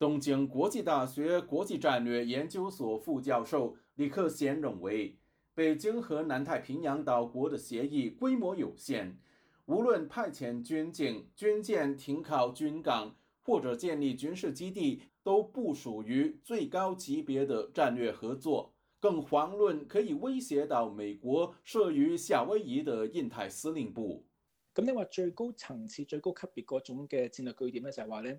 東京國際大學國際戰略研究所副教授李克賢認為，北京和南太平洋島國的協議規模有限，無論派遣軍警、軍艦停靠軍港或者建立軍事基地，都不屬於最高級別的戰略合作，更遑論可以威脅到美國設於夏威夷的印太司令部。咁你話最高層次、最高級別嗰種嘅戰略據點咧，就係話咧。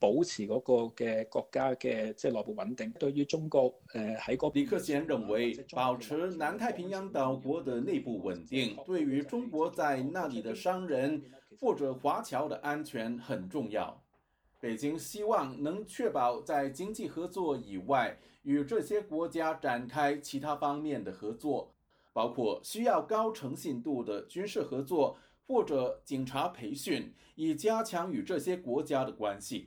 保持嗰個嘅國家嘅即係內部穩定，對於中國誒喺嗰。李、呃、克森認為，保持南太平洋島國的內部穩定，對於中國在那裡的商人或者華僑的安全很重要。北京希望能確保在經濟合作以外，與這些國家展開其他方面的合作，包括需要高誠信度的軍事合作或者警察培訓，以加強與這些國家的關係。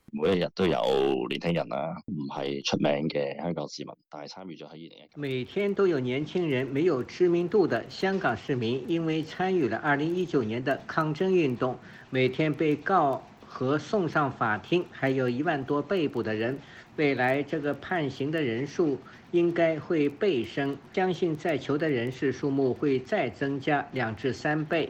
每一日都有年輕人啊，唔係出名嘅香港市民，但係參與咗喺二零一九。每天都有年輕人，沒有知名度的香港市民，因為參與了二零一九年的抗爭運動，每天被告和送上法庭，還有一萬多被捕的人。未來這個判刑的人數應該會倍升，相信在囚的人士數目會再增加兩至三倍。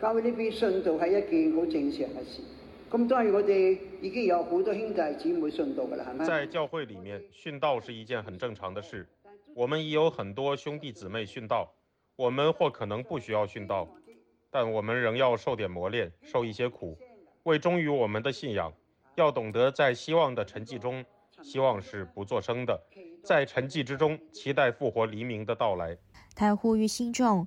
教會呢邊殉道係一件好正常嘅事，咁當然我哋已經有好多兄弟姊妹殉道嘅啦，係咪？在教會裏面，殉道是一件很正常嘅事。我們已有很多兄弟姊妹殉道，我們或可能不需要殉道，但我們仍要受點磨練，受一些苦，為忠於我們的信仰。要懂得在希望的沉寂中，希望是不作聲的，在沉寂之中期待復活黎明的到來。他呼於心中。